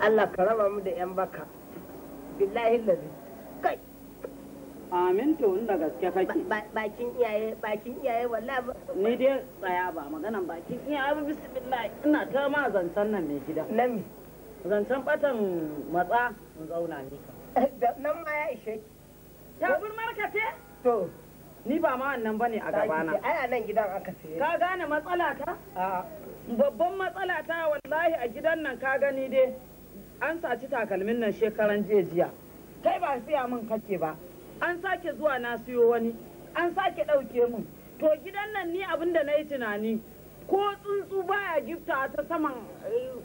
Allah ka raba mu da yan baka billahi lazi kai amin to inda gaske kake bakin iyaye bakin iyaye wallahi ni dai tsaya ba maganan bakin iyaye ba bismillah ina ta ma zancan nan mai gida nami zancan batan matsa in zauna ni eh, nan ma ya ishe ta gun markate to ni ba ma wannan bane a gabana ai a nan gidan aka saye ka gane matsala ta babban matsala ta wallahi a gidan nan ka gani dai an saci takalmin nan shekaran jiya jiya kai ba siya mun kake ba an sake zuwa na siyo wani an sake ɗauke mun. to gidan nan ni abin da na yi tunani ko tsuntsu baya gifta ta saman eh,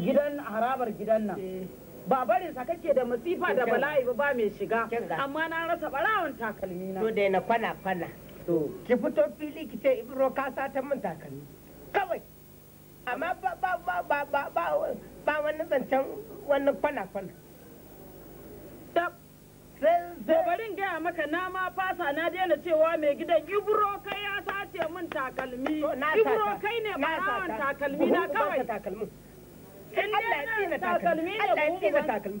gidan harabar gidan nan eh. ba barinsa kake da masifa da bala'i ba mai shiga amma na rasa barawan takalmi na to dai na kwana kwana ki fito fili ki ce ibro ka sata min takalmi kawai amma ba ba ba zancen wannan kwana-kwana barin gaya maka na ma fasa na daina cewa mai gidan ibro kai ya sace min takalmi ibro kai ne barawan takalmi na kawai takalmi in dai takalmi ne takalmi.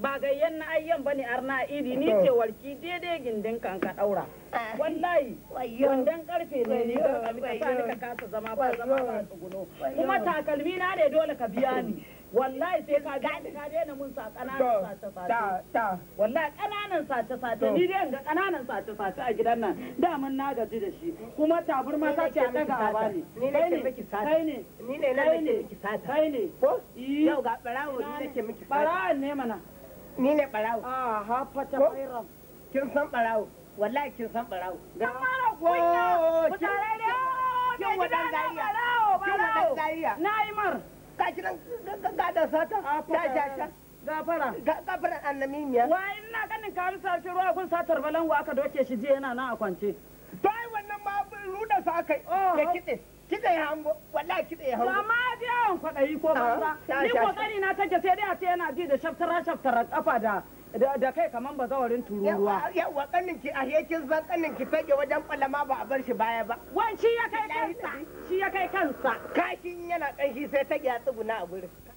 ba gayyan na ayyan bane arna iri ni ce warki daidai gindin kan ka daura ah. wallahi wandan karfe ne ni ga abin ka ka kasa zama ba zama ba tsuguno kuma takalmi na ne dole ka biya ni wallahi sai ka ga ka daina mun sa kananan sace sace wallahi kananan sace sace ni dai ga kananan sace sace a gidan nan da mun na gaji da shi kuma taburma ta ce daga awa ne ni ne ke miki sata kai ne ni ne na ke miki sata kai ne ko yau ga barawo ni ne ke miki sata barawo ne mana ni ne barawo a ah, hafa ta bayram kin san barawo wallahi kin san barawo ga mara kunya mutare da kin wadan dariya kin wadan dariya na yi ka kiran ga da sata ah, ta jaja gafara gafara annamimiya wa ina ganin ka amsa shi ruwa kun satar wa aka doke shi jiya yana nan a kwance to ai wannan ma ruda sa kai ke oh, kitse kiɗa ya hango wallahi kiɗa ya hango amma ya je yawan kwaɗayi ko ah, banza ni kokari na take sai dai a ce yana ji da shaftara shaftara kafa da da kai kaman ba zawarin tururuwa yawa kanin ki a yakin zan kanin ki fage wajen kwalama ba a bar shi baya ba wan shi ya kai kansa shi ya kai kansa kashin yana kanshi sai ta ya tsuguna a gurin